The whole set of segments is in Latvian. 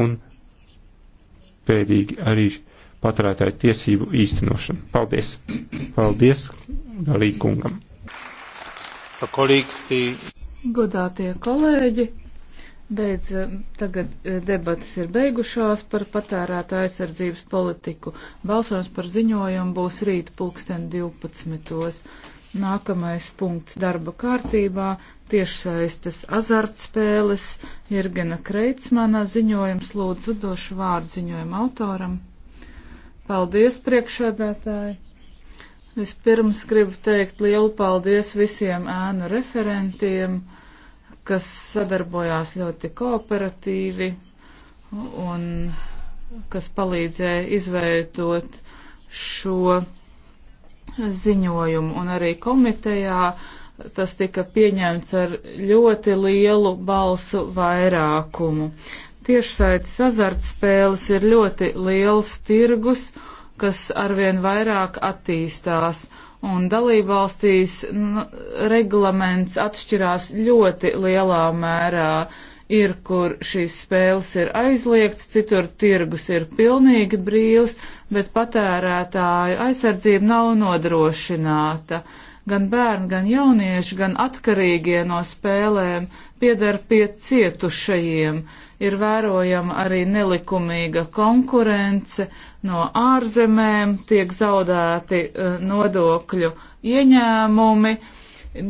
un pēdīgi arī paturētāju tiesību īstenošanu. Paldies! Paldies galīgungam! So, Godātie kolēģi, beidz eh, tagad eh, debatas ir beigušās par patērētā aizsardzības politiku. Balsojums par ziņojumu būs rīt pulksten 12. Nākamais punkts darba kārtībā - tiešsaistes azartspēles Jirgena Kreitsmana ziņojums. Lūdzu, došu vārdu ziņojuma autoram. Paldies, priekšādātāji! Vispirms gribu teikt lielu paldies visiem ēnu referentiem, kas sadarbojās ļoti kooperatīvi un kas palīdzēja izveidot šo ziņojumu, un arī komitejā tas tika pieņemts ar ļoti lielu balsu vairākumu. Tiešsaites azartspēles ir ļoti liels tirgus, kas arvien vairāk attīstās, un dalībvalstīs reglaments atšķirās ļoti lielā mērā. Uh, ir, kur šīs spēles ir aizliegts, citur tirgus ir pilnīgi brīvs, bet patērētāju aizsardzība nav nodrošināta. Gan bērni, gan jaunieši, gan atkarīgie no spēlēm piedar pie cietušajiem. Ir vērojama arī nelikumīga konkurence no ārzemēm, tiek zaudēti eh, nodokļu ieņēmumi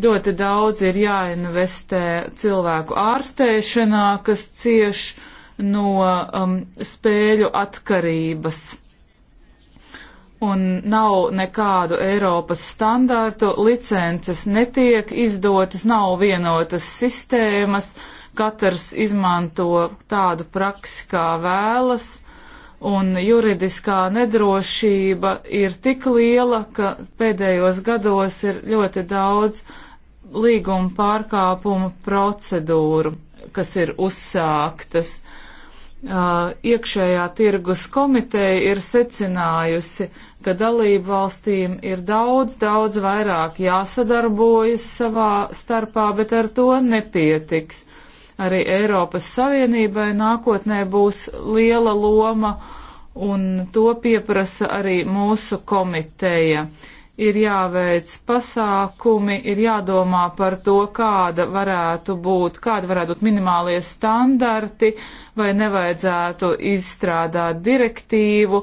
Ļoti daudz ir jāinvestē cilvēku ārstēšanā, kas cieš no um, spēļu atkarības. Un nav nekādu Eiropas standārtu, licences netiek izdotas, nav vienotas sistēmas, katrs izmanto tādu praksi, kā vēlas un juridiskā nedrošība ir tik liela, ka pēdējos gados ir ļoti daudz līguma pārkāpumu procedūru, kas ir uzsāktas. Uh, iekšējā tirgus komiteja ir secinājusi, ka dalību valstīm ir daudz, daudz vairāk jāsadarbojas savā starpā, bet ar to nepietiks arī Eiropas Savienībai nākotnē būs liela loma un to pieprasa arī mūsu komiteja. Ir jāveic pasākumi, ir jādomā par to, kāda varētu būt, kāda varētu būt minimālie standarti, vai nevajadzētu izstrādāt direktīvu,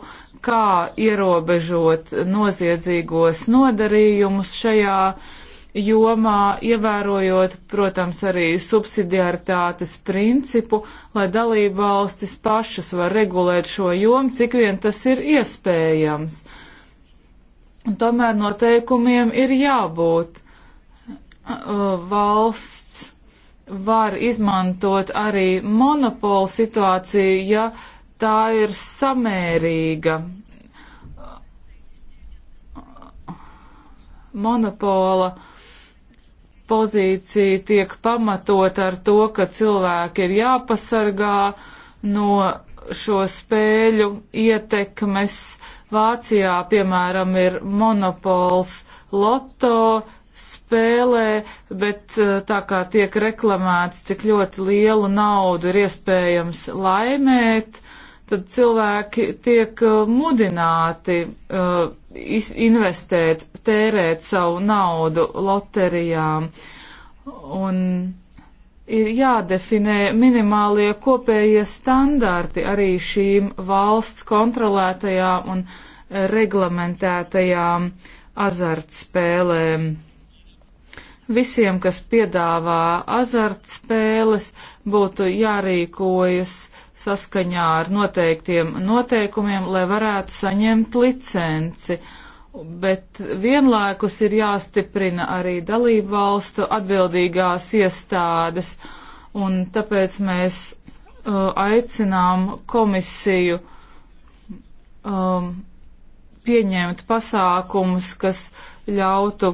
kā ierobežot noziedzīgos nodarījumus šajā uh, jomā, ievērojot, protams, arī subsidiaritātes principu, lai dalība valstis pašas var regulēt šo jomu, cik vien tas ir iespējams. Un tomēr noteikumiem ir jābūt. Valsts var izmantot arī monopolu situāciju, ja tā ir samērīga monopola pozīcija tiek pamatot ar to, ka cilvēki ir jāpasargā no šo spēļu ietekmes. Vācijā, piemēram, ir monopols loto spēlē, bet eh, tā kā tiek reklamēts, cik ļoti lielu naudu ir iespējams laimēt, tad cilvēki tiek eh, mudināti uh, investēt, tērēt savu naudu loterijām. Un ir jādefinē minimālie kopējie standarti arī šīm valsts kontrolētajām un reglamentētajām azartspēlēm. Visiem, kas piedāvā azartspēles, būtu jārīkojas uh, saskaņā ar noteiktiem noteikumiem, lai varētu saņemt licenci. Bet vienlaikus ir jāstiprina arī dalību valstu atbildīgās iestādes, un tāpēc mēs uh, aicinām komisiju um, pieņemt pasākumus, kas ļautu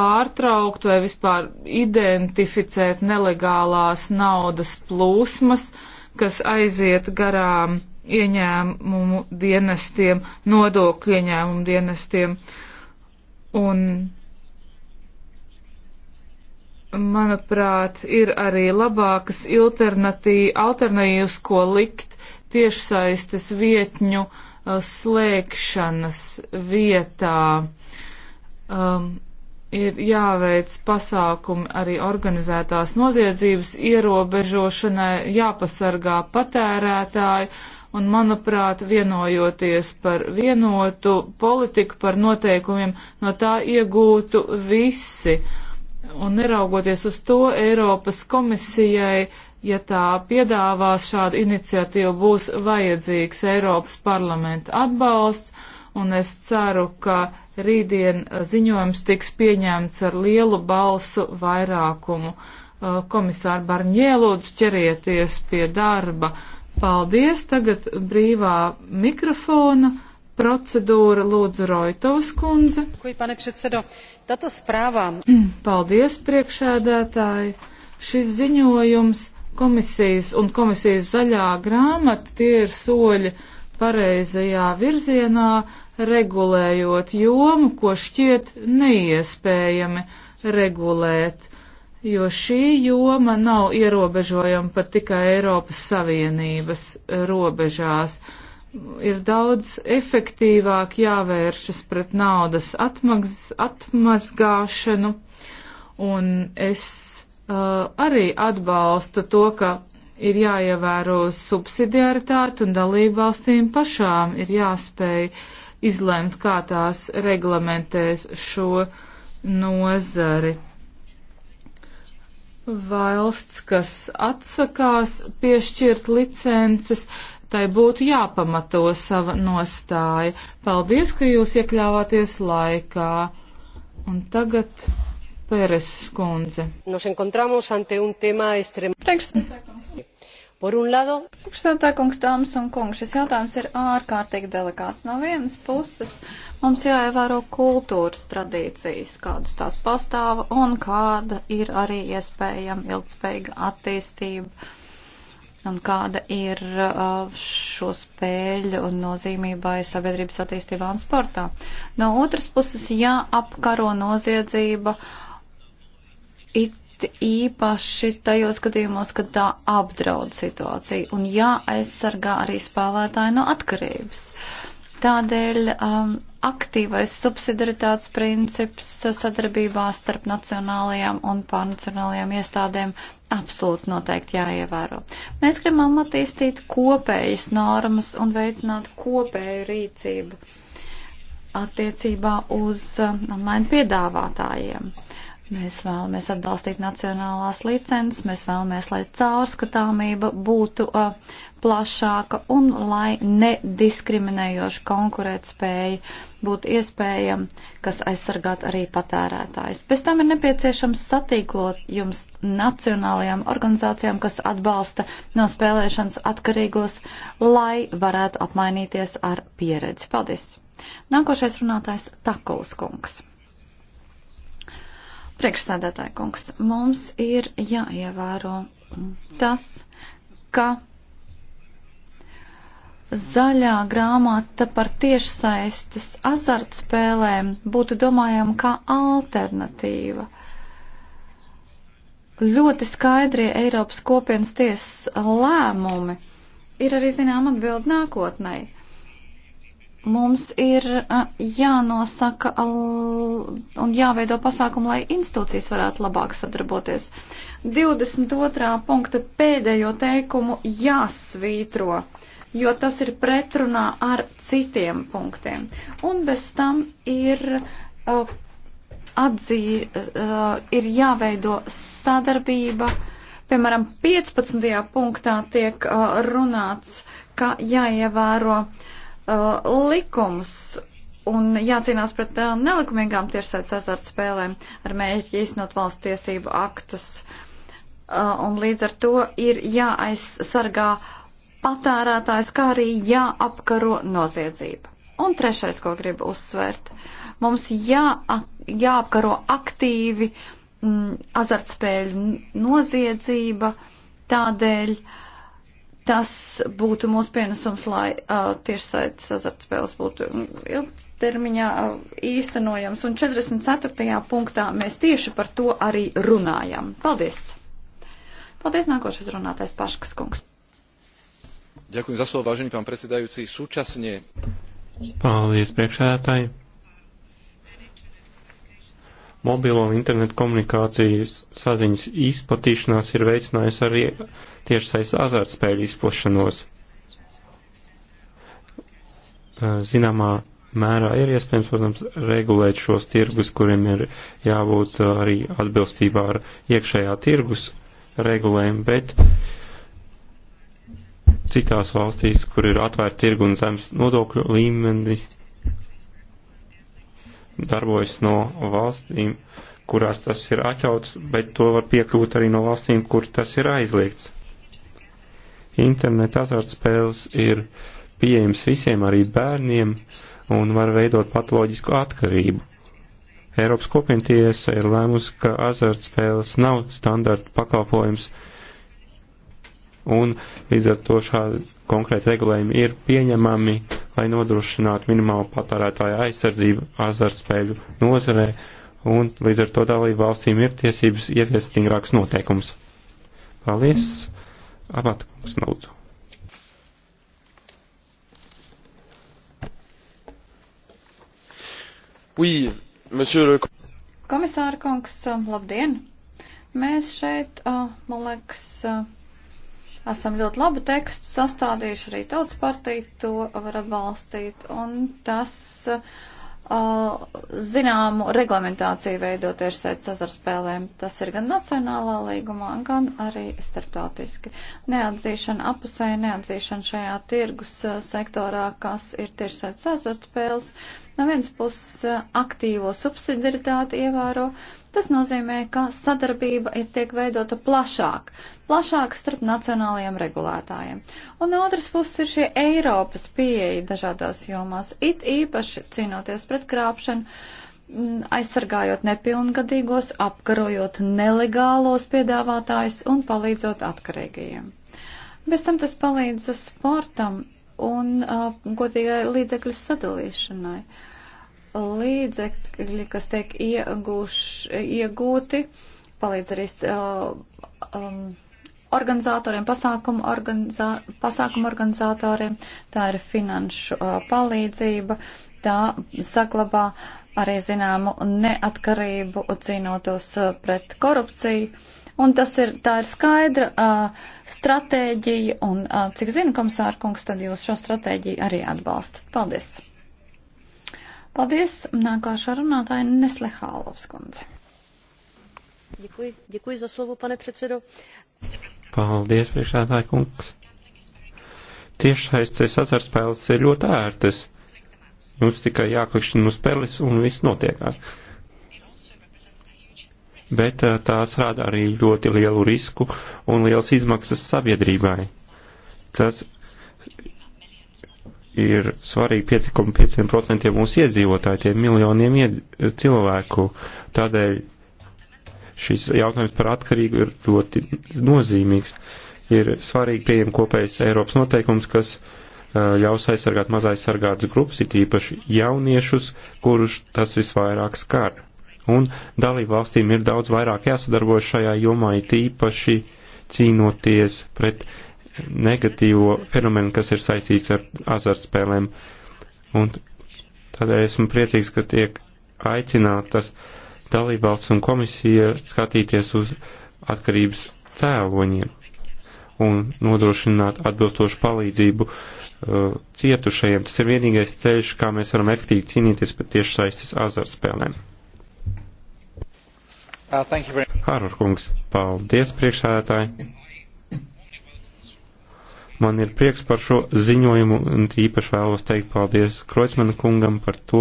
pārtraukt vai vispār identificēt nelegālās naudas plūsmas, uh, kas aiziet garām ieņēmumu dienestiem, nodokļu ieņēmumu dienestiem. Un, manuprāt, ir arī labākas alternatīvas, ko likt tiešsaistes vietņu uh, slēgšanas vietā. Um, ir jāveic pasākumi arī organizētās noziedzības ierobežošanai, jāpasargā patērētāji, un, manuprāt, vienojoties par vienotu politiku, par noteikumiem, no tā iegūtu visi. Un neraugoties uz to, Eiropas komisijai, ja tā piedāvās šādu iniciatīvu, būs vajadzīgs Eiropas parlamenta atbalsts un es ceru, ka rītdien eh, ziņojums tiks pieņemts ar lielu balsu vairākumu. Eh, Komisāri Barņē, lūdzu, ķerieties pie darba. Paldies, tagad brīvā mikrofona. Procedūra lūdzu Roitovas kundze. Kuj, pane predsedo, tato sprāvā. Paldies, priekšēdētāji. Šis ziņojums komisijas un komisijas zaļā grāmata tie ir soļi pareizajā virzienā, regulējot jomu, ko šķiet neiespējami regulēt, jo šī joma nav ierobežojama pat tikai Eiropas Savienības robežās. Ir daudz efektīvāk jāvēršas pret naudas atmaz, atmazgāšanu, un es uh, arī atbalstu to, ka ir jāievēro subsidiaritāte un dalību valstīm pašām ir jāspēj izlemt, kā tās reglamentēs šo nozari. Valsts, kas atsakās piešķirt licences, tai būtu jāpamato sava nostāja. Paldies, ka jūs iekļāvāties laikā. Un tagad Pēres skundze. Nos encontramos ante un tema extrem... Por un lado... Priekšstādā kungs, dāmas un kungi, šis jautājums ir ārkārtīgi delikāts. No vienas puses mums jāievēro kultūras tradīcijas, kādas tās pastāva un kāda ir arī iespējama ilgspējīga attīstība un kāda ir uh, šo spēļu nozīmībai sabiedrības attīstībā un sportā. No otras puses jāapkaro noziedzība. Ja it īpaši tajos gadījumos, kad tā apdraud situāciju un jāaizsargā arī spēlētāji no atkarības. Tādēļ um, aktīvais subsidiaritātes princips sadarbībā starp nacionālajām un pārnacionālajām iestādēm absolūti noteikti jāievēro. Mēs gribam attīstīt kopējas normas un veicināt kopēju rīcību attiecībā uz uh, online piedāvātājiem. Uh, Mēs vēlamies atbalstīt nacionālās licences, mēs vēlamies, lai caurskatāmība būtu uh, plašāka un lai nediskriminējoša konkurētspēja būtu iespējama, kas aizsargāt arī patērētājs. Pēc tam ir nepieciešams satīklot jums nacionālajām organizācijām, kas atbalsta no spēlēšanas atkarīgos, lai varētu apmainīties ar pieredzi. Paldies! Nākošais runātājs Takuls kungs. Priekšstādātāja kungs, mums ir jāievēro tas, ka zaļā grāmata par tiešsaistes azartspēlēm būtu domājama kā alternatīva. Ļoti skaidrie Eiropas kopienas tiesas lēmumi ir arī zinām atbildi nākotnēji Mums ir jānosaka un jāveido pasākumu, lai institūcijas varētu labāk sadarboties. 22. punkta pēdējo teikumu jāsvītro, jo tas ir pretrunā ar citiem punktiem. Un bez tam ir, uh, atzī, uh, ir jāveido sadarbība. Piemēram, 15. punktā tiek uh, runāts, ka jāievēro uh, uh, likumus un jācīnās pret uh, nelikumīgām tiešsaistes azartspēlēm ar mērķi īstenot valsts tiesību aktus. Uh, un līdz ar to ir jāaizsargā patērētājs, kā arī jāapkaro noziedzība. Un trešais, ko gribu uzsvērt, mums jā, jāapkaro aktīvi m, mm, azartspēļu noziedzība tādēļ, uh, Tas būtu mūsu pienesums, lai uh, tiešsaites azartspēles būtu ilgtermiņā uh, īstenojams. Un 44. punktā mēs tieši par to arī runājam. Paldies! Paldies, nākošais runātais Paškas kungs. Ďakujem za slovo, vážený pán predsedajúci. Súčasne. Paldies, priekšsēdētāji mobilo internetu komunikācijas saziņas izplatīšanās ir veicinājusi arī tiešsaistes azartspēļu izplašanos. Eh, zināmā mērā ir iespējams, protams, regulēt šos tirgus, kuriem ir jābūt eh, arī atbilstībā ar iekšējā tirgus regulējumu, bet citās valstīs, kur ir atvērta tirgu un zemes nodokļu līmenis, darbojas no valstīm, kurās tas ir atļauts, bet to var piekļūt arī no valstīm, kur tas ir aizliegts. Internet azartspēles ir pieejams visiem, arī bērniem, un var veidot patoloģisku atkarību. Eiropas kopientiesa ir lēmusi, ka azartspēles nav standarta pakalpojums un līdz ar to šādi konkrēti regulējumi ir pieņemami, lai nodrošinātu minimālu patērētāju aizsardzību azartspēļu nozarē, un līdz ar to dalību valstīm ir tiesības ieviest stingrākus noteikumus. Paldies! Abata kungs, lūdzu! Oui, monsieur le... Komisāra kungs, labdien! Mēs šeit, man liekas, Esam ļoti labu tekstu sastādījuši, arī tautas partija to var atbalstīt, un tas uh, zināmu reglamentāciju veido tieši saistībā sazarspēlēm. Tas ir gan nacionālā līgumā, gan arī starptautiski. Neatzīšana apusēja, neatzīšana šajā tirgus uh, sektorā, kas ir tieši saistībā sazarspēles, No vienas puses eh, aktīvo subsidiaritāti ievēro, tas nozīmē, ka sadarbība ir tiek veidota plašāk, plašāk starp nacionālajiem regulētājiem. Un no otras puses ir šie Eiropas pieeja dažādās jomās, it īpaši cīnoties pret krāpšanu mm, aizsargājot nepilngadīgos, apkarojot nelegālos piedāvātājus un palīdzot atkarīgajiem. Bez tam tas palīdz sportam un uh, godīgai līdzekļu sadalīšanai. Uh, līdzekļi, kas tiek iegūš, iegūti, palīdz arī uh, um, organizatoriem, pasākumu, organizā, pasākumu organizatoriem, tā ir finanšu uh, palīdzība, tā saglabā arī zināmu neatkarību cīnotos uh, pret korupciju. Un tas ir, tā ir skaidra uh, stratēģija, un, uh, cik zinu, komisārkungs, tad jūs šo stratēģiju arī atbalstat. Paldies! Paldies. Nākošā runātāja Neslehālovs kundze. Děkuji, děkuji za slovo, pane předsedo. Paldies, priekšādāja kungs. Tiešsaistes azartspēles ir ļoti ērtas. Jums tikai jāklikšķina uz pelis un viss notiekās bet eh, tās rada arī ļoti lielu risku un liels izmaksas sabiedrībai. Tas ir svarīgi 5,5% mūsu iedzīvotāji, tie miljoniem ied cilvēku. Tādēļ šis jautājums par atkarību ir ļoti nozīmīgs. Ir svarīgi pieņemt kopējas Eiropas noteikums, kas ļaus aizsargāt mazaizsargātas grupas, it īpaši jauniešus, kurus tas visvairāk skar. Un dalību valstīm ir daudz vairāk jāsadarbojas šajā jomā, it īpaši cīnoties pret uh, negatīvo fenomenu, kas ir saistīts ar azartspēlēm. Un tādēļ esmu priecīgs, ka tiek aicinātas dalībvalsts un komisija skatīties uz atkarības cēloņiem un nodrošināt atbilstošu palīdzību uh, cietušajiem. Tas ir vienīgais ceļš, kā mēs varam efektīvi cīnīties pret tieši saistas azartspēlēm. Uh, Harur kungs, paldies priekšsēdētāji! Man ir prieks par šo ziņojumu un īpaši vēlos teikt paldies Kreutzmanu kungam par to,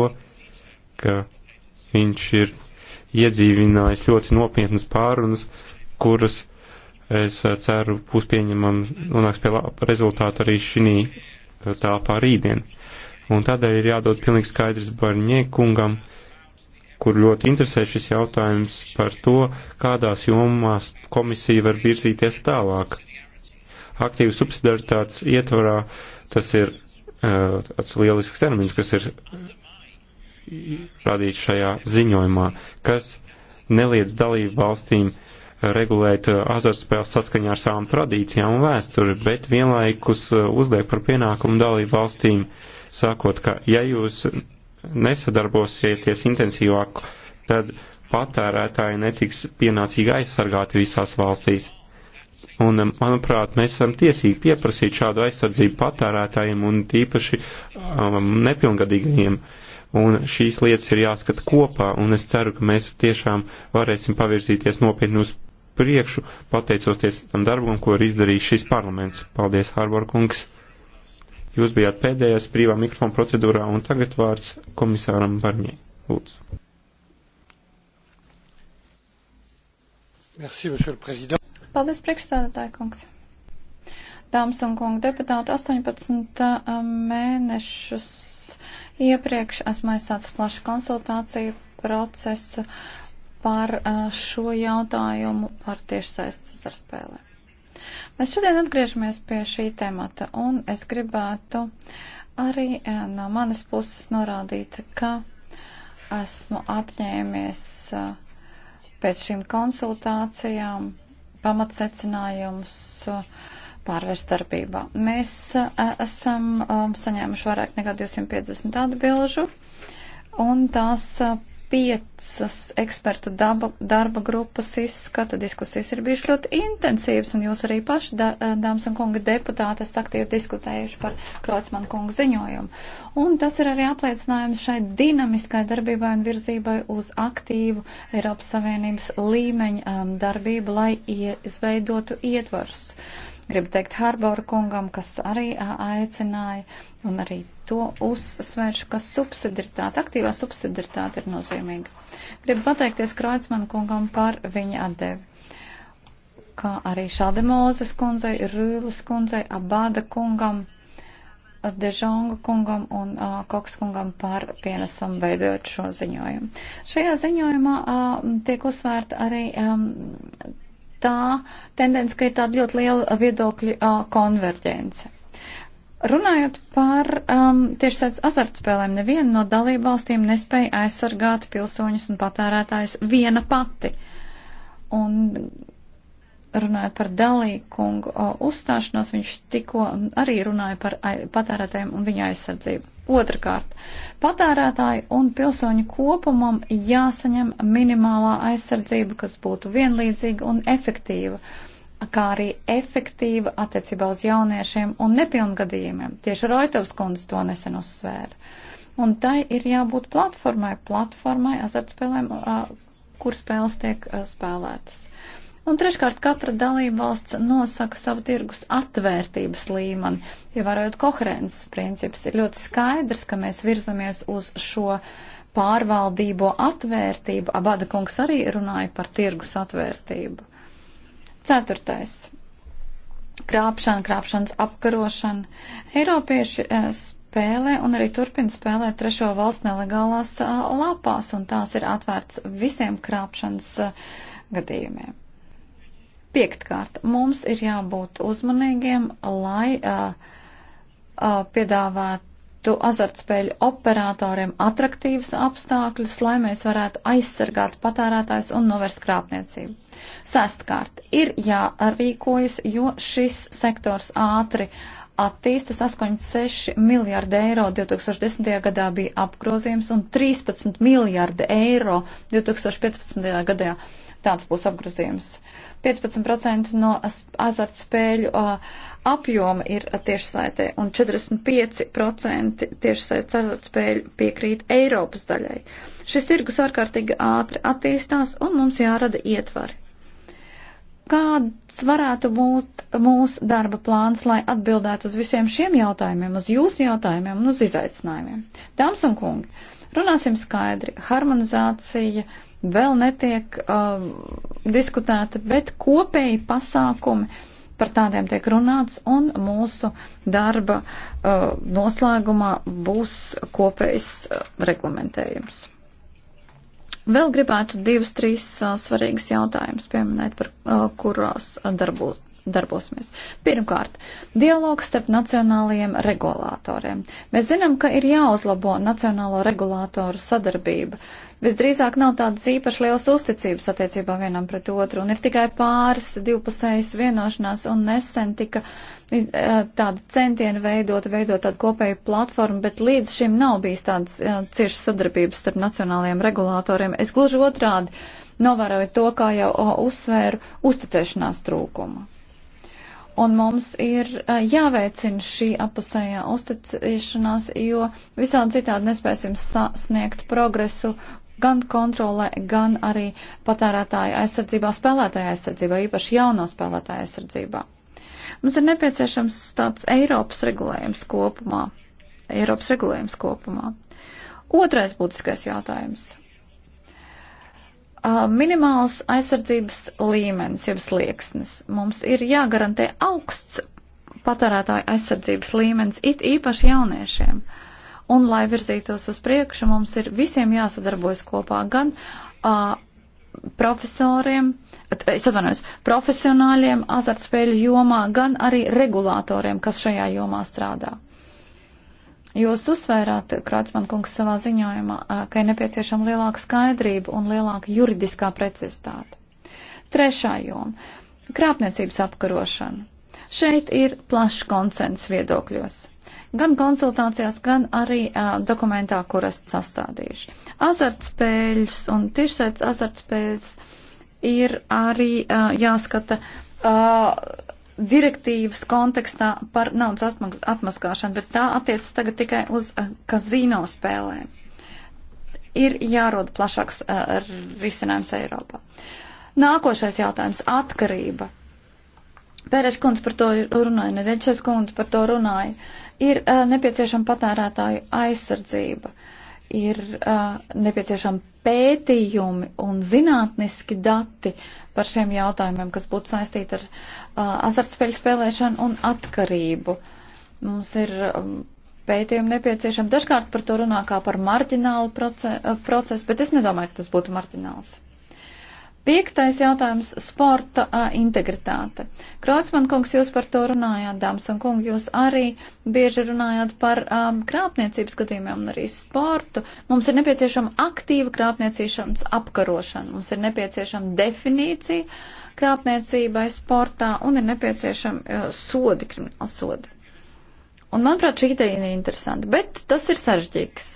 ka viņš ir iedzīvinājis ļoti nopietnas pārunas, kuras es ceru būs pieņemam nonāks pie rezultāta arī šī uh, tālpā rītdien. Un tādēļ ir jādod pilnīgi skaidrs Barņē kungam, kur ļoti interesē šis jautājums par to, kādās jomās komisija var virzīties tālāk aktīvu subsidiaritātes ietvarā, tas ir uh, tāds lielisks termins, kas ir radīts šajā ziņojumā, kas neliedz dalību valstīm regulēt azartspēles saskaņā ar savām tradīcijām un vēsturi, bet vienlaikus uzliek par pienākumu dalību valstīm, sākot, ka ja jūs nesadarbosieties intensīvāk, tad patērētāji netiks pienācīgi aizsargāti visās valstīs. Un, eh, manuprāt, mēs esam tiesīgi pieprasīt šādu aizsardzību patērētājiem un tīpaši um, nepilngadīgajiem. Un šīs lietas ir jāskata kopā, un es ceru, ka mēs tiešām varēsim pavirzīties nopietni uz priekšu, pateicoties tam darbam, ko ir izdarījis šis parlaments. Paldies, Harbor kungs! Jūs bijāt pēdējais brīvā mikrofona procedūrā, un tagad vārds komisāram Barņē. Lūdzu. Merci, monsieur le président. Paldies, priekšstādātāja kungs. Dāmas un kungi deputāti, 18 mēnešus iepriekš esmu aizsācis plašu konsultāciju procesu par šo jautājumu par tiešsaistes ar spēlēm. Mēs šodien atgriežamies pie šī temata, un es gribētu arī no manas puses norādīt, ka esmu apņēmies pēc šīm konsultācijām pamatsecinājumus uh, pārvērst darbībā. Mēs uh, esam um, saņēmuši vairāk nekā 250 atbilžu, un tās uh, piecas ekspertu daba, darba grupas izskata. Diskusijas ir bijušas ļoti intensīvas, un jūs arī paši, da, eh, dāmas un kungi deputāti, esat aktīvi diskutējuši par Krocmanu kungu ziņojumu. Un tas ir arī apliecinājums šai dinamiskai darbībai un virzībai uz aktīvu Eiropas Savienības līmeņa um, darbību, lai izveidotu ietvarus. Uh, Gribu teikt Harbora kungam, kas arī aicināja un arī to uzsvēršu, ka subsidiritāte, aktīvā subsidiritāte ir nozīmīga. Gribu pateikties Kreutzmann kungam par viņa atdevi kā arī Šaldemozes kundzei, Rūles kundzei, Abāda kungam, Dežonga kungam un uh, Koks kungam par pienesumu veidojot šo ziņojumu. Šajā ziņojumā uh, tiek uzsvērta arī um, tā tendence, ka ir tāda ļoti liela viedokļa uh, konverģence. Runājot par um, tiešsaistes azartspēlēm, neviena no dalībvalstīm nespēja aizsargāt pilsoņus un patērētājus viena pati. Un runājot par dalīkungu uzstāšanos, viņš tikko arī runāja par patērētājiem un viņa aizsardzību. Otrakārt, patērētāji un pilsoņi kopumam jāsaņem minimālā aizsardzība, kas būtu vienlīdzīga un efektīva, kā arī efektīva attiecībā uz jauniešiem un nepilngadījumiem. Tieši Roitovs kundze to nesen uzsvēra. Un tai ir jābūt platformai, platformai azartspēlēm, kur spēles tiek spēlētas. Uh, Un treškārt, katra dalībvalsts nosaka savu tirgus atvērtības līmeni, ievērojot ja koherences principus. Ir ļoti skaidrs, ka mēs virzamies uz šo pārvaldību atvērtību. Abada kungs arī runāja par tirgus atvērtību. Ceturtais. Krāpšana, krāpšanas apkarošana. Eiropieši eh, spēlē un arī turpina spēlēt trešo valstu nelegālās eh, lapās, un tās ir atvērts visiem krāpšanas eh, gadījumiem. Piektkārt, mums ir jābūt uzmanīgiem, lai uh, uh, piedāvātu azartspēļu operatoriem atraktīvas apstākļus, lai mēs varētu aizsargāt patērētājs un novērst krāpniecību. Sestkārt, ir jārīkojas, jo šis sektors ātri attīstas 8,6 miljārdi eiro 2010. gadā bija apgrozījums un 13 miljārdi eiro 2015. gadā tāds būs apgrozījums. Uh, 15% no azartspēļu apjoma ir tiešsaitē un 45% tiešsaistes azartspēļu piekrīt Eiropas daļai. Šis tirgus ārkārtīgi ātri attīstās un mums jārada ietvari. Kāds varētu būt mūsu darba plāns, lai atbildētu uz visiem šiem jautājumiem, uz jūsu jautājumiem un uz izaicinājumiem? Dāmas un kungi, runāsim skaidri. Harmonizācija vēl netiek uh, diskutēta, bet kopēji pasākumi par tādiem tiek runāts un mūsu darba uh, noslēgumā būs kopējs uh, reglamentējums. Vēl gribētu divus, trīs uh, svarīgus jautājumus pieminēt, par uh, kurās uh, darbos, darbosimies. Pirmkārt, dialogs starp nacionālajiem regulātoriem. Mēs zinām, ka ir jāuzlabo nacionālo regulātoru sadarbība. Visdrīzāk nav tādas īpaši liels uzticības attiecībā vienam pret otru, un ir tikai pāris divpusējas vienošanās, un nesen tika tāda centiena veidot, veidot tādu kopēju platformu, bet līdz šim nav bijis tādas ciešas sadarbības starp nacionālajiem regulātoriem. Es gluži otrādi novēroju to, kā jau uzsvēru, uzticēšanās trūkumu. Un mums ir jāveicina šī apusējā uzticēšanās, jo visādi citādi nespēsim sasniegt progresu gan kontrolē, gan arī patērētāju aizsardzībā, spēlētāju aizsardzībā, īpaši jauno spēlētāju aizsardzībā. Mums ir nepieciešams tāds Eiropas regulējums kopumā. Eiropas regulējums kopumā. Otrais būtiskais jautājums. Uh, minimāls aizsardzības līmenis, jeb slieksnis. Mums ir jāgarantē augsts patērētāju aizsardzības līmenis, it īpaši jauniešiem. Un, lai virzītos uz priekšu, mums ir visiem jāsadarbojas kopā gan uh, profesoriem, es atvainojos, profesionāļiem azartspēļu jomā, gan arī regulātoriem, kas šajā jomā strādā. Jūs uzsvērāt, Krautsman kungs, savā ziņojumā, ka ir nepieciešama lielāka skaidrība un lielāka juridiskā precizitāte. Trešā joma - krāpniecības apkarošana. Šeit ir plašs konsens viedokļos. Gan konsultācijās, gan arī uh, dokumentā, kur esat sastādījuši. Azartspēļus un tiešsaits azartspēļus ir arī uh, jāskata. Uh, direktīvas kontekstā par naudas atmaskāšanu, bet tā attiecas tagad tikai uz eh, kazino spēlēm. Ir jārod plašāks uh, risinājums Eiropā. Nākošais jautājums - atkarība. Pērēs kundze par to runāja, Nedeļčes kundze par to runāja. Ir uh, nepieciešama patērētāju aizsardzība, ir uh, nepieciešama pētījumi un zinātniski dati par šiem jautājumiem, kas būtu saistīti ar uh, azartspēļu spēlēšanu un atkarību. Mums ir um, pētījumi nepieciešami. Dažkārt par to runā kā par marģinālu uh, procesu, proces, bet es nedomāju, ka tas būtu marģināls. Piektais jautājums - sporta a, integritāte. Kraucman kungs, jūs par to runājāt, dāmas un kungi, jūs arī bieži runājāt par a, krāpniecības gadījumiem un arī sportu. Mums ir nepieciešama aktīva krāpniecības apkarošana, mums ir nepieciešama definīcija krāpniecībai sportā un ir nepieciešama sodi, krimināla sodi. Un manuprāt, šī ideja ir interesanta, bet tas ir sarežģīgs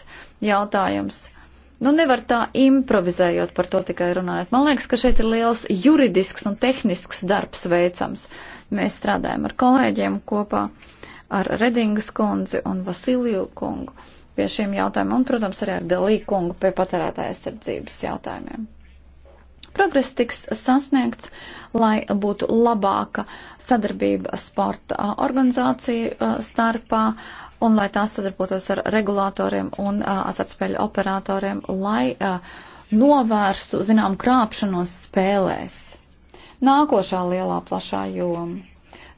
jautājums. Uh, Nu, nevar tā improvizējot par to tikai runājot. Man liekas, ka šeit ir liels juridisks un tehnisks darbs veicams. Mēs strādājam ar kolēģiem kopā, ar Redingas kundzi un Vasiliju kungu pie šiem jautājumiem, un, protams, arī ar Delī kungu pie patērētāja aizsardzības jautājumiem. Progress tiks sasniegts, lai būtu labāka sadarbība sporta organizāciju uh, starpā, un lai tās sadarbotos ar regulātoriem un uh, azartspēļu operatoriem, lai uh, novērstu, zinām, krāpšanos spēlēs. Nākošā lielā plašā joma.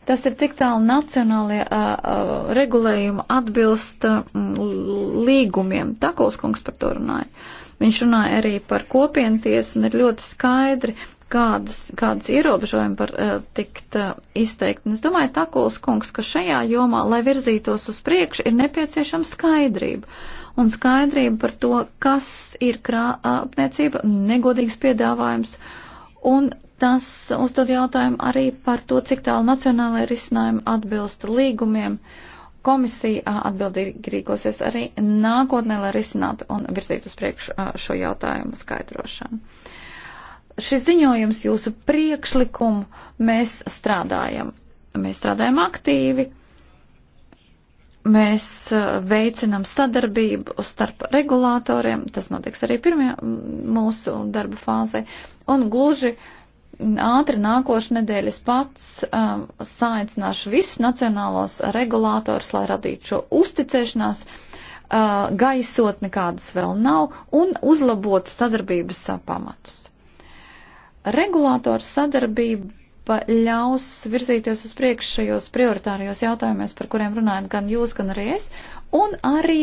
Tas ir tik tālu nacionālie uh, uh, regulējumi atbilst uh, līgumiem. Takuls kungs par to runāja. Viņš runāja arī par kopientiesu un ir ļoti skaidri kādas, kādas ierobežojumi var uh, tikt uh, eh, izteikti. Un es domāju, Takuls kungs, ka šajā jomā, lai virzītos uz priekšu, ir nepieciešama skaidrība. Un skaidrība par to, kas ir krāpniecība, negodīgs piedāvājums. Un tas uzdod jautājumu arī par to, cik tālu nacionālajie risinājumi atbilst līgumiem. Komisija eh, atbildīgi rīkosies arī nākotnē, lai risinātu un virzītu uz priekšu šo jautājumu skaidrošanu. Uh, šis ziņojums, jūsu priekšlikumu, mēs strādājam. Mēs strādājam aktīvi, mēs uh, veicinam sadarbību starp regulātoriem, tas notiks arī pirmajā mūsu darba fāzē, un gluži ātri nākošu nedēļu es pats um, saicināšu visus nacionālos regulātors, lai radītu šo uzticēšanās uh, gaisotni, kādas vēl nav, un uzlabotu sadarbības uh, pamatus regulātoru sadarbība ļaus virzīties uz priekšu šajos prioritārijos jautājumos, par kuriem runājat gan jūs, gan arī es, un arī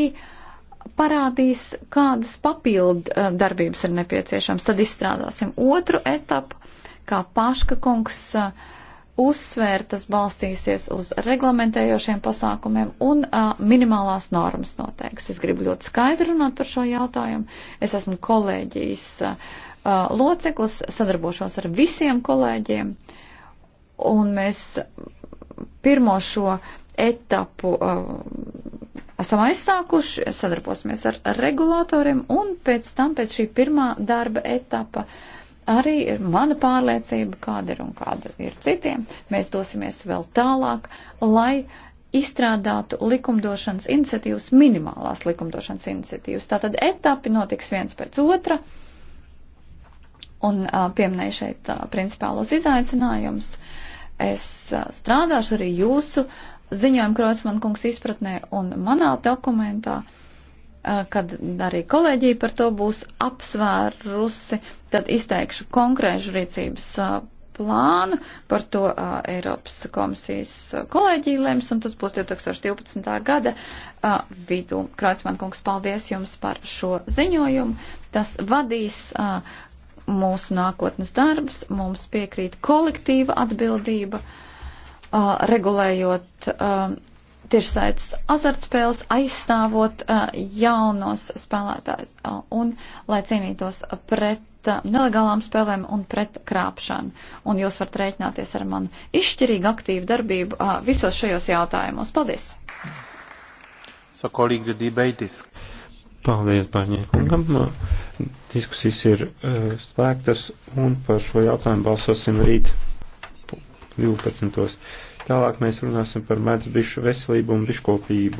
parādīs, kādas papildu eh, darbības ir nepieciešams. Tad izstrādāsim otru etapu, kā Paška kungs eh, uzsvēra, tas balstīsies uz reglamentējošiem pasākumiem un uh, minimālās normas noteiks. Es gribu ļoti skaidri runāt par šo jautājumu. Es esmu kolēģijas. Uh, Uh, loceklis, sadarbošos ar visiem kolēģiem, un mēs pirmo šo etapu uh, esam aizsākuši, sadarbosimies ar regulātoriem, un pēc tam, pēc šī pirmā darba etapa, arī ir mana pārliecība, kāda ir un kāda ir citiem. Mēs dosimies vēl tālāk, lai izstrādātu likumdošanas iniciatīvas, minimālās likumdošanas iniciatīvas. Tātad etapi notiks viens pēc otra. Uh, un uh, pieminēju šeit uh, principālos izaicinājumus. Es uh, strādāšu arī jūsu ziņojumu Krocman kungs izpratnē un manā dokumentā, uh, kad arī kolēģija par to būs apsvērusi, tad izteikšu konkrēšu rīcības uh, plānu, par to uh, Eiropas komisijas uh, kolēģija lems, un tas būs 2012. gada uh, vidū. Kraucman kungs, paldies jums par šo ziņojumu. Tas vadīs uh, mūsu nākotnes darbs, mums piekrīt kolektīva atbildība, uh, regulējot uh, tiešsaites azartspēles, aizstāvot uh, jaunos spēlētājus uh, un lai cīnītos pret uh, nelegālām spēlēm un pret krāpšanu. Un jūs varat rēķināties ar manu izšķirīgu aktīvu darbību uh, visos šajos jautājumos. Paldies! So, colleague, the debate is Paldies, Baņiekungam. Diskusijas ir uh, slēgtas un par šo jautājumu balsosim rīt 12. Tālāk mēs runāsim par medus bišu veselību un biškopību.